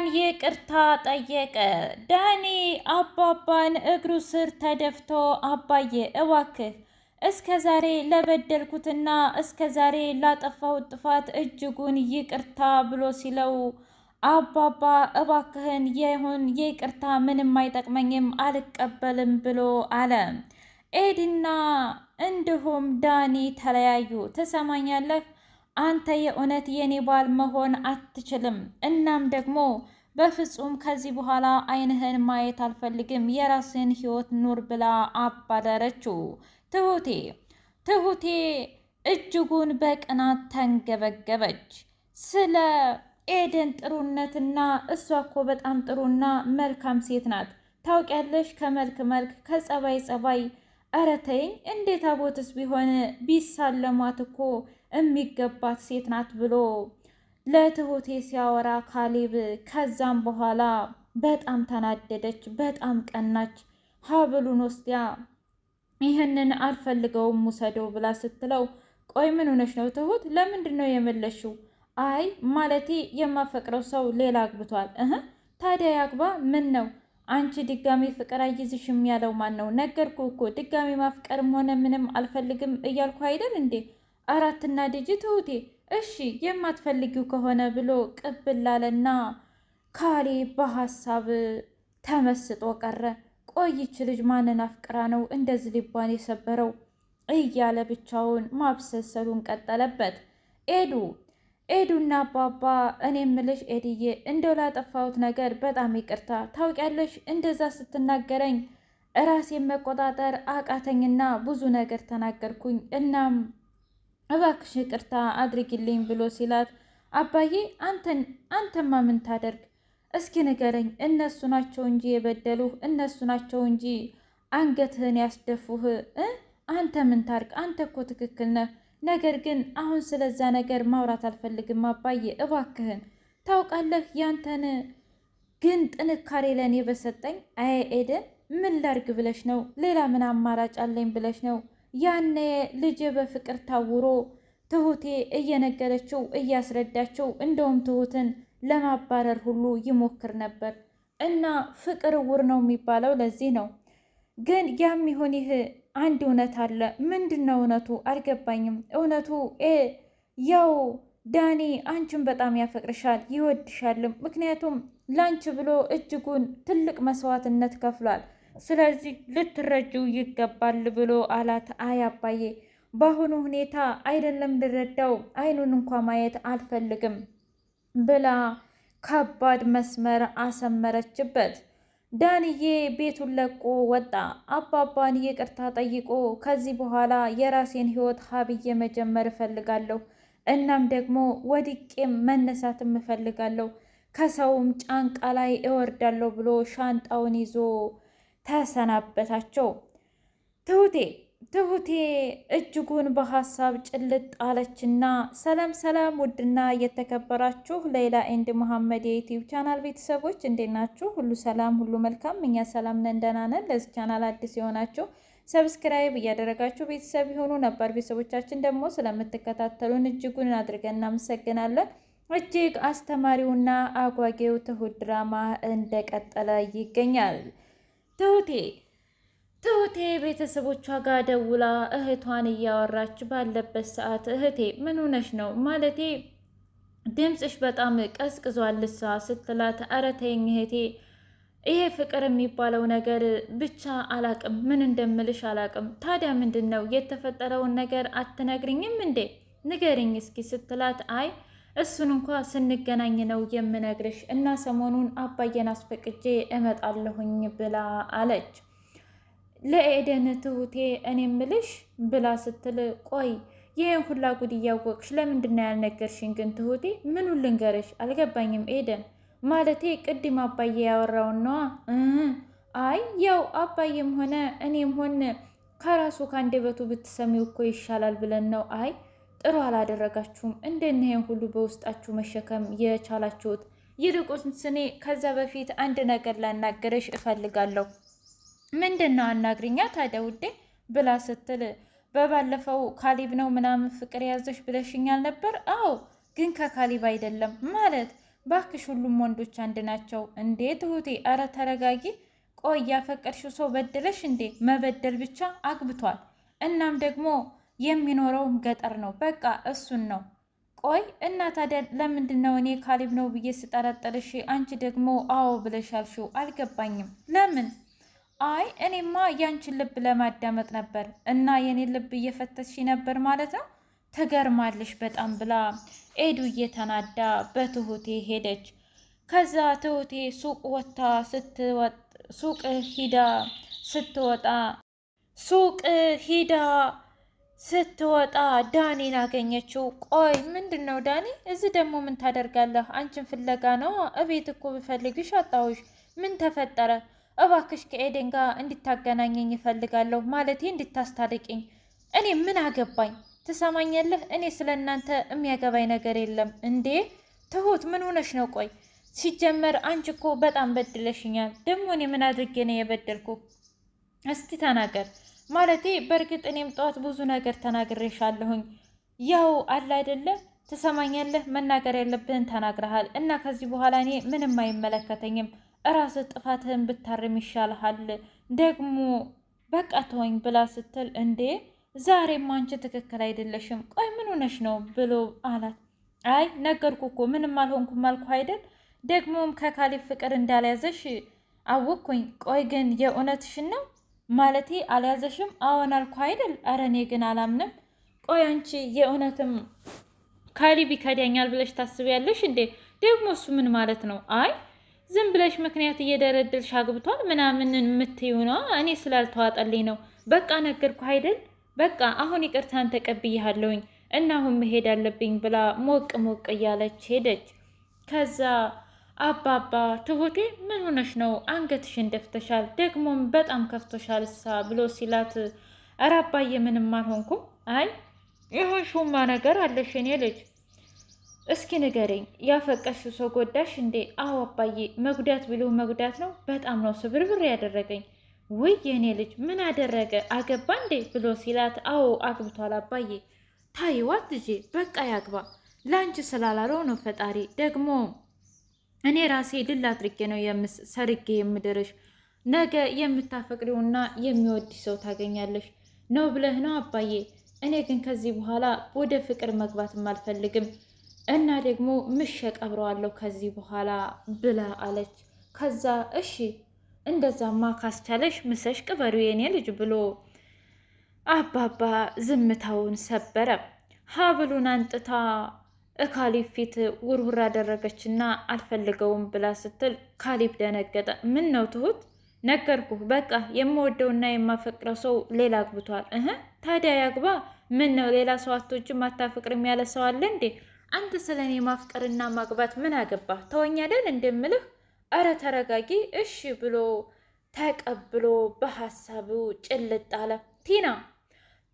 አባባን ይቅርታ ጠየቀ። ዳኒ አባባን እግሩ ስር ተደፍቶ አባዬ እባክህ እስከ ዛሬ ለበደልኩትና እስከ ዛሬ ላጠፋሁት ጥፋት እጅጉን ይቅርታ ብሎ ሲለው አባባ እባክህን የሆን ይቅርታ ምንም አይጠቅመኝም አልቀበልም ብሎ አለ። ኤድና እንዲሁም ዳኒ ተለያዩ። ትሰማኛለህ አንተ የእውነት የኔ ባል መሆን አትችልም። እናም ደግሞ በፍጹም ከዚህ በኋላ አይንህን ማየት አልፈልግም፣ የራስህን ህይወት ኑር ብላ አባረረችው። ትሁቴ ትሁቴ እጅጉን በቅናት ተንገበገበች። ስለ ኤደን ጥሩነትና እሷ እኮ በጣም ጥሩና መልካም ሴት ናት ታውቂያለሽ፣ ከመልክ መልክ ከጸባይ ጸባይ ኧረ ተይኝ፣ እንዴት አቦትስ ቢሆን ቢሳለሟት እኮ የሚገባት ሴት ናት ብሎ ለትሁቴ ሲያወራ ካሌብ፣ ከዛም በኋላ በጣም ተናደደች፣ በጣም ቀናች። ሀብሉን ወስዲያ ይህንን አልፈልገውም ውሰደው ብላ ስትለው ቆይ ምን ሆነሽ ነው ትሁት? ለምንድን ነው የመለሽው? አይ ማለቴ የማፈቅረው ሰው ሌላ አግብቷል። እህ ታዲያ ያግባ ምን ነው አንቺ ድጋሚ ፍቅር አይዝሽም ያለው ማን ነው? ነገርኩ እኮ ድጋሚ ማፍቀርም ሆነ ምንም አልፈልግም እያልኩ አይደል እንዴ? አራትና ድጅ ትሁቴ፣ እሺ የማትፈልጊው ከሆነ ብሎ ቅብላለና ካሌ በሀሳብ ተመስጦ ቀረ። ቆይች ልጅ ማንን አፍቅራ ነው እንደዚህ ልቧን የሰበረው? እያለ ብቻውን ማብሰሰሉን ቀጠለበት። ኤዱ ኤዱና አባባ እኔ ምልሽ ኤድዬ እንደው ላጠፋሁት ነገር በጣም ይቅርታ። ታውቂያለሽ እንደዛ ስትናገረኝ እራሴን መቆጣጠር አቃተኝና ብዙ ነገር ተናገርኩኝ። እናም እባክሽ ይቅርታ አድርጊልኝ ብሎ ሲላት አባዬ አንተን አንተማ ምን ታደርግ እስኪ ንገረኝ። እነሱ ናቸው እንጂ የበደሉህ፣ እነሱ ናቸው እንጂ አንገትህን ያስደፉህ። አንተ ምን ታርግ? አንተ እኮ ትክክል ነህ። ነገር ግን አሁን ስለዛ ነገር ማውራት አልፈልግም አባዬ፣ እባክህን ታውቃለህ፣ ያንተን ግን ጥንካሬ ለእኔ በሰጠኝ። አይ ኤደን፣ ምን ላርግ ብለሽ ነው? ሌላ ምን አማራጭ አለኝ ብለሽ ነው? ያኔ ልጄ በፍቅር ታውሮ ትሁቴ እየነገረችው እያስረዳችው፣ እንደውም ትሁትን ለማባረር ሁሉ ይሞክር ነበር። እና ፍቅር እውር ነው የሚባለው ለዚህ ነው። ግን ያም ይሁን ይህ አንድ እውነት አለ። ምንድን ነው እውነቱ? አልገባኝም። እውነቱ ያው ዳኒ አንቺን በጣም ያፈቅርሻል ይወድሻልም። ምክንያቱም ላንቺ ብሎ እጅጉን ትልቅ መስዋዕትነት ከፍሏል። ስለዚህ ልትረጂው ይገባል ብሎ አላት። አይ አባዬ፣ በአሁኑ ሁኔታ አይደለም ልረዳው፣ አይኑን እንኳ ማየት አልፈልግም ብላ ከባድ መስመር አሰመረችበት። ዳንዬ ቤቱን ለቆ ወጣ። አባባን ይቅርታ ጠይቆ ከዚህ በኋላ የራሴን ህይወት ሀብዬ መጀመር እፈልጋለሁ፣ እናም ደግሞ ወድቄም መነሳትም እፈልጋለሁ፣ ከሰውም ጫንቃ ላይ እወርዳለሁ ብሎ ሻንጣውን ይዞ ተሰናበታቸው። ትሁቴ ትሁቴ እጅጉን በሀሳብ ጭልጥ አለችና፣ ሰላም ሰላም! ውድና እየተከበራችሁ ሌላ ኤንድ መሐመድ የዩቲዩብ ቻናል ቤተሰቦች እንዴት ናችሁ? ሁሉ ሰላም፣ ሁሉ መልካም። እኛ ሰላም ነን፣ ደህና ነን። ለዚህ ቻናል አዲስ የሆናችሁ ሰብስክራይብ እያደረጋችሁ ቤተሰብ የሆኑ ነባር ቤተሰቦቻችን ደግሞ ስለምትከታተሉን እጅጉን አድርገን እናመሰግናለን። እጅግ አስተማሪውና አጓጌው ትሁት ድራማ እንደቀጠለ ይገኛል። ትሁቴ ትሁቴ ቤተሰቦቿ ጋር ደውላ እህቷን እያወራች ባለበት ሰዓት እህቴ ምን ሆነሽ ነው? ማለቴ ድምፅሽ በጣም ቀዝቅዟል ልሳ ስትላት፣ ኧረ ተይኝ እህቴ ይሄ ፍቅር የሚባለው ነገር ብቻ አላቅም፣ ምን እንደምልሽ አላቅም። ታዲያ ምንድን ነው የተፈጠረውን ነገር አትነግርኝም እንዴ? ንገርኝ እስኪ ስትላት፣ አይ እሱን እንኳ ስንገናኝ ነው የምነግርሽ እና ሰሞኑን አባዬን አስፈቅጄ እመጣለሁኝ ብላ አለች። ለኤደን ትሁቴ እኔ ምልሽ ብላ ስትል ቆይ ይህን ሁላ ጉድ እያወቅሽ ለምንድን ነው ያልነገርሽኝ? ግን ትሁቴ ምኑ ልንገርሽ አልገባኝም። ኤደን ማለቴ ቅድም አባዬ ያወራውን ነዋ። አይ ያው አባዬም ሆነ እኔም ሆን ከራሱ ከአንደበቱ ብትሰሚው እኮ ይሻላል ብለን ነው። አይ ጥሩ አላደረጋችሁም። እንደነ ሁሉ በውስጣችሁ መሸከም የቻላችሁት። ይልቁንስ እኔ ከዛ በፊት አንድ ነገር ላናገረሽ እፈልጋለሁ። ምንድን ነው አናግሪኛ ታዲያ ውዴ ብላ ስትል በባለፈው ካሊብ ነው ምናምን ፍቅር የያዘች ብለሽኛል ነበር። አዎ ግን ከካሊብ አይደለም ማለት ባክሽ፣ ሁሉም ወንዶች አንድ ናቸው እንዴ ትሁቴ? አረ ተረጋጊ። ቆይ ያፈቀድሽው ሰው በደለሽ እንዴ? መበደል ብቻ አግብቷል። እናም ደግሞ የሚኖረውም ገጠር ነው። በቃ እሱን ነው። ቆይ እና ታዲያ ለምንድን ነው እኔ ካሊብ ነው ብዬ ስጠረጠርሽ አንቺ ደግሞ አዎ ብለሽ ያልሽው? አልገባኝም። ለምን አይ እኔማ ያንቺን ልብ ለማዳመጥ ነበር እና የኔ ልብ እየፈተሽ ነበር ማለት ነው። ትገርማለሽ በጣም ብላ ኤዱ እየተናዳ በትሁቴ ሄደች። ከዛ ትሁቴ ሱቅ ወታ ሱቅ ሂዳ ስትወጣ ሱቅ ሂዳ ስትወጣ ዳኔን አገኘችው። ቆይ ምንድን ነው ዳኔ? እዚህ ደግሞ ምን ታደርጋለህ? አንቺን ፍለጋ ነው። እቤት እኮ ብፈልግሽ አጣሁሽ። ምን ተፈጠረ? እባክሽ ከኤደን ጋር እንድታገናኘኝ ይፈልጋለሁ፣ ማለቴ እንድታስታርቅኝ። እኔ ምን አገባኝ? ትሰማኛለህ? እኔ ስለ እናንተ የሚያገባኝ ነገር የለም። እንዴ ትሁት ምን ሆነሽ ነው? ቆይ ሲጀመር አንቺ እኮ በጣም በድለሽኛል። ደግሞ እኔ ምን አድርጌ ነው የበደልኩ? እስቲ ተናገር። ማለቴ በእርግጥ እኔም ጠዋት ብዙ ነገር ተናግሬሻለሁኝ። ያው አለ አይደለም ትሰማኛለህ? መናገር ያለብህን ተናግረሃል እና ከዚህ በኋላ እኔ ምንም አይመለከተኝም። ራስ ጥፋትህን ብታርም ይሻልሃል። ደግሞ በቃ ተወኝ ብላ ስትል እንዴ ዛሬም አንቺ ትክክል አይደለሽም፣ ቆይ ምን ሆነሽ ነው ብሎ አላት። አይ ነገርኩ እኮ ምንም አልሆንኩም አልኩ አይደል? ደግሞም ከካሊብ ፍቅር እንዳልያዘሽ አወቅኩኝ። ቆይ ግን የእውነትሽን ነው ማለቴ አልያዘሽም? አዎን አልኩ አይደል? ኧረ እኔ ግን አላምንም። ቆይ አንቺ የእውነትም ካሊብ ይከዳኛል ብለሽ ታስቢያለሽ እንዴ? ደግሞ እሱ ምን ማለት ነው? አይ ዝም ብለሽ ምክንያት እየደረደርሽ አግብቷል ምናምን የምትይው ነዋ። እኔ ስላልተዋጠልኝ ነው። በቃ ነገርኩ አይደል? በቃ አሁን ይቅርታን ተቀብያለሁኝ እና አሁን መሄድ አለብኝ ብላ ሞቅ ሞቅ እያለች ሄደች። ከዛ አባባ ትሁቴ ምን ሆነሽ ነው? አንገትሽን ደፍተሻል፣ ደግሞም በጣም ከፍቶሻል እሳ ብሎ ሲላት፣ ኧረ አባዬ ምንም አልሆንኩም። አይ ነገር አለሽ የኔ ልጅ እስኪ ንገሪኝ፣ ያፈቀሽው ሰው ጎዳሽ እንዴ? አዎ አባዬ፣ መጉዳት ብሎ መጉዳት ነው። በጣም ነው ስብርብር ያደረገኝ። ውይ የእኔ ልጅ ምን አደረገ? አገባ እንዴ ብሎ ሲላት፣ አዎ አግብቷል አባዬ። ታይዋት ልጄ፣ በቃ ያግባ። ለአንቺ ስላላለው ነው ፈጣሪ። ደግሞ እኔ ራሴ ድል አድርጌ ነው የምስ ሰርጌ የምድርሽ። ነገ የምታፈቅሪውና የሚወድ ሰው ታገኛለሽ ነው ብለህ ነው አባዬ። እኔ ግን ከዚህ በኋላ ወደ ፍቅር መግባትም አልፈልግም እና ደግሞ ምሽ ቀብረዋለሁ ከዚህ በኋላ ብላ አለች። ከዛ እሺ እንደዛማ ካስቻለሽ ምሰሽ ቅበሩ የኔ ልጅ ብሎ አባባ ዝምታውን ሰበረ። ሀብሉን አንጥታ እካሊ ፊት ውርውር አደረገችና አልፈልገውም ብላ ስትል ካሊብ ደነገጠ። ምን ነው ትሁት? ነገርኩህ በቃ የምወደውና የማፈቅረው ሰው ሌላ አግብቷል። እህ ታዲያ ያግባ። ምን ነው ሌላ ሰው አትወጂም አታፈቅርም ያለ ሰው አለ እንዴ? አንተ ስለ እኔ ማፍቀርና ማግባት ምን አገባ? ተወኛደን እንደምልህ። አረ ተረጋጊ። እሺ ብሎ ተቀብሎ በሀሳቡ ጭልጥ አለ። ቲና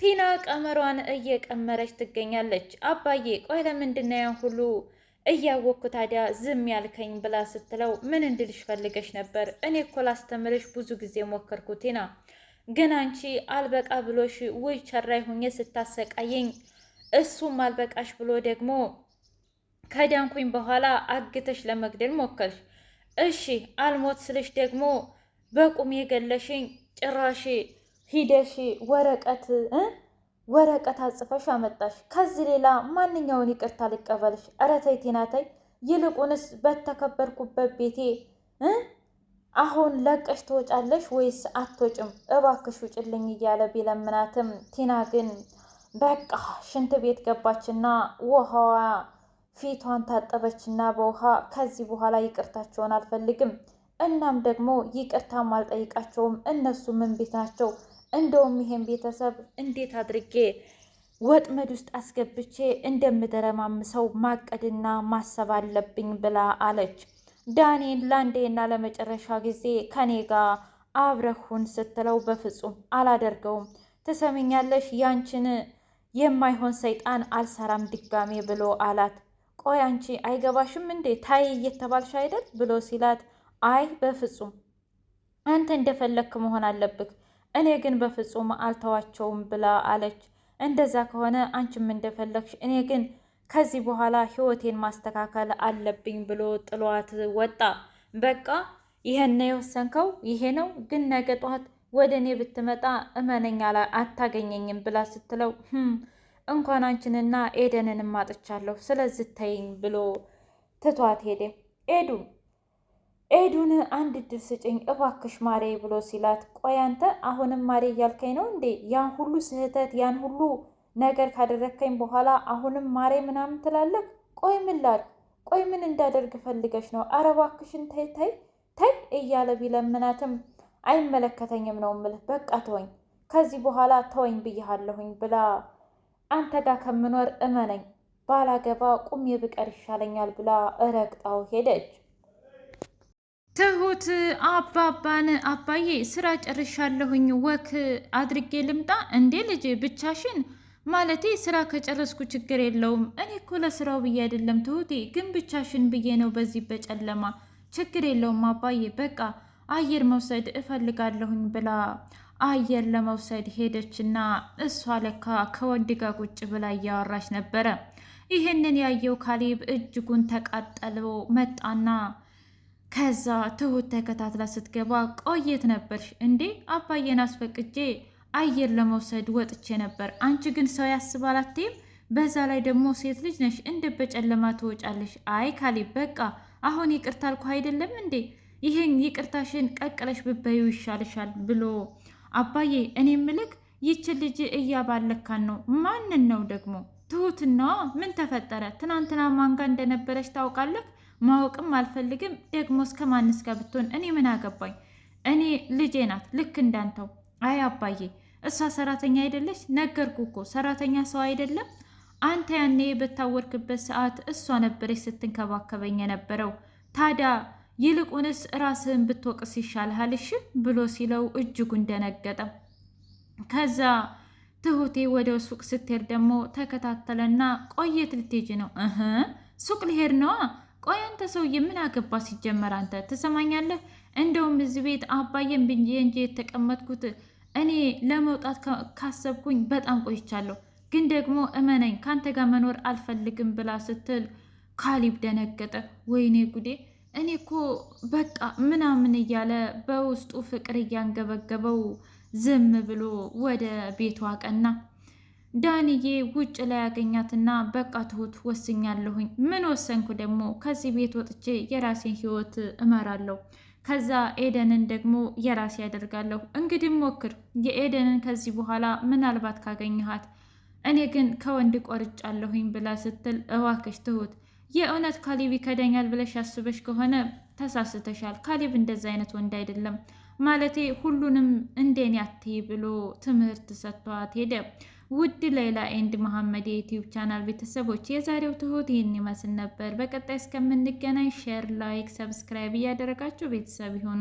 ቲና ቀመሯን እየቀመረች ትገኛለች። አባዬ ቆይ ለምንድን ነው ያን ሁሉ እያወቅኩ ታዲያ ዝም ያልከኝ? ብላ ስትለው ምን እንድልሽ ፈልገሽ ነበር? እኔ እኮ ላስተምርሽ ብዙ ጊዜ ሞከርኩ ቲና፣ ግን አንቺ አልበቃ ብሎሽ ውይ ቸራይ ሁኜ ስታሰቃየኝ፣ እሱም አልበቃሽ ብሎ ደግሞ ከዳንኩኝ በኋላ አግተሽ ለመግደል ሞከርሽ። እሺ አልሞት ስልሽ ደግሞ በቁም የገለሽኝ ጭራሽ ሂደሽ ወረቀት ወረቀት አጽፈሽ አመጣሽ። ከዚህ ሌላ ማንኛውን ይቅርታ ልቀበልሽ? ኧረ ተይ ቲና ተይ። ይልቁንስ በተከበርኩበት ቤቴ አሁን ለቀሽ ትወጫለሽ ወይስ አትወጭም? እባክሽ ውጭልኝ እያለ ቢለምናትም ቲና ግን በቃ ሽንት ቤት ገባችና ውሃዋ ፊቷን ታጠበችና በውሃ ከዚህ በኋላ ይቅርታቸውን አልፈልግም፣ እናም ደግሞ ይቅርታም አልጠይቃቸውም። እነሱ ምን ቤት ናቸው? እንደውም ይሄን ቤተሰብ እንዴት አድርጌ ወጥመድ ውስጥ አስገብቼ እንደምደረማምሰው ማቀድና ማሰብ አለብኝ ብላ አለች። ዳኔን ለአንዴና ለመጨረሻ ጊዜ ከኔ ጋር አብረሁን ስትለው በፍጹም አላደርገውም፣ ትሰሚኛለሽ? ያንቺን የማይሆን ሰይጣን አልሰራም ድጋሜ ብሎ አላት። ቆይ አንቺ አይገባሽም እንዴ ታይ እየተባልሽ አይደል ብሎ ሲላት፣ አይ በፍጹም አንተ እንደፈለግክ መሆን አለብክ እኔ ግን በፍጹም አልተዋቸውም ብላ አለች። እንደዛ ከሆነ አንቺም እንደፈለግሽ፣ እኔ ግን ከዚህ በኋላ ህይወቴን ማስተካከል አለብኝ ብሎ ጥሏት ወጣ። በቃ ይሄን የወሰንከው ይሄ ነው፣ ግን ነገ ጠዋት ወደ እኔ ብትመጣ እመነኛ አታገኘኝም ብላ ስትለው እንኳን አንቺንና ኤደንን ማጥቻለሁ ስለዚህ ተይኝ ብሎ ትቷት ሄደ። ኤዱ ኤዱን አንድ እድል ስጭኝ እባክሽ ማሬ ብሎ ሲላት፣ ቆይ አንተ አሁንም ማሬ እያልከኝ ነው እንዴ? ያን ሁሉ ስህተት ያን ሁሉ ነገር ካደረግከኝ በኋላ አሁንም ማሬ ምናምን ትላለህ? ቆይ ምን ላል ቆይ ምን እንዳደርግ ፈልገሽ ነው? አረ እባክሽን ተይ ተይ ተይ እያለ ቢለምናትም አይመለከተኝም ነው ምልህ፣ በቃ ተወኝ፣ ከዚህ በኋላ ተወኝ ብያሃለሁኝ ብላ አንተ ጋር ከምኖር እመነኝ ባላገባ ቁም ብቀር ይሻለኛል ብላ እረግጣው ሄደች። ትሁት አባባን አባዬ ስራ ጨርሻለሁኝ ወክ አድርጌ ልምጣ እንዴ ልጅ ብቻሽን ማለቴ ስራ ከጨረስኩ ችግር የለውም እኔ እኮ ለስራው ብዬ አይደለም ትሁቴ ግን ብቻሽን ብዬ ነው በዚህ በጨለማ ችግር የለውም አባዬ በቃ አየር መውሰድ እፈልጋለሁኝ ብላ አየር ለመውሰድ ሄደችና እሷ ለካ ከወንድ ጋር ቁጭ ብላ እያወራች ነበረ። ይህንን ያየው ካሌብ እጅጉን ተቃጠሎ መጣና ከዛ ትሁት ተከታትላ ስትገባ ቆየት ነበርሽ እንዴ? አባዬን አስፈቅጄ አየር ለመውሰድ ወጥቼ ነበር። አንቺ ግን ሰው ያስባል አትይም? በዛ ላይ ደግሞ ሴት ልጅ ነሽ፣ እንደ በጨለማ ትወጫለሽ። አይ ካሌብ በቃ አሁን ይቅርታ አልኩህ አይደለም እንዴ? ይህን ይቅርታሽን ቀቅለሽ ብበዩ ይሻልሻል ብሎ አባዬ እኔ ምልክ ይች ልጅ እያባለካን ነው። ማንን ነው ደግሞ? ትሁትናዋ። ምን ተፈጠረ? ትናንትና ማንጋ እንደነበረች ታውቃለህ? ማወቅም አልፈልግም። ደግሞ እስከ ማንስ ጋር ብትሆን እኔ ምን አገባኝ? እኔ ልጄ ናት፣ ልክ እንዳንተው። አይ አባዬ፣ እሷ ሰራተኛ አይደለች? ነገርኩ እኮ ሰራተኛ ሰው አይደለም። አንተ ያኔ በታወርክበት ሰዓት እሷ ነበረች ስትንከባከበኝ የነበረው ታዲያ ይልቁንስ ራስህን ብትወቅስ ይሻልሃልሽ ብሎ ሲለው እጅጉን ደነገጠ። ከዛ ትሁቴ ወደ ሱቅ ስትሄድ ደግሞ ተከታተለና ቆየት ልትሄጂ ነው? እህ ሱቅ ልሄድ ነዋ። ቆይ አንተ ሰውዬ ምን አገባ ሲጀመር አንተ ትሰማኛለህ? እንደውም እዚህ ቤት አባዬን ብዬ እንጂ የተቀመጥኩት እኔ ለመውጣት ካሰብኩኝ በጣም ቆይቻለሁ፣ ግን ደግሞ እመነኝ ከአንተ ጋር መኖር አልፈልግም ብላ ስትል ካሊብ ደነገጠ። ወይኔ ጉዴ እኔ እኮ በቃ ምናምን እያለ በውስጡ ፍቅር እያንገበገበው ዝም ብሎ ወደ ቤቷ አቀና። ዳንዬ ውጭ ላይ ያገኛትና በቃ ትሁት ወስኛለሁኝ። ምን ወሰንኩ ደግሞ? ከዚህ ቤት ወጥቼ የራሴን ህይወት እመራለሁ። ከዛ ኤደንን ደግሞ የራሴ ያደርጋለሁ። እንግዲህ ሞክር፣ የኤደንን ከዚህ በኋላ ምናልባት ካገኘሃት፣ እኔ ግን ከወንድ ቆርጫለሁኝ ብላ ስትል እዋክሽ ትሁት የእውነት ካሌብ ይከደኛል ብለሽ ያስበሽ ከሆነ ተሳስተሻል። ካሌብ እንደዛ አይነት ወንድ አይደለም። ማለቴ ሁሉንም እንደኔ አትይ ብሎ ትምህርት ሰጥቷት ሄደ። ውድ ሌላ ኤንድ መሐመድ የዩቲዩብ ቻናል ቤተሰቦች የዛሬው ትሁት ይህን ይመስል ነበር። በቀጣይ እስከምንገናኝ ሼር፣ ላይክ፣ ሰብስክራይብ እያደረጋችሁ ቤተሰብ ይሁኑ።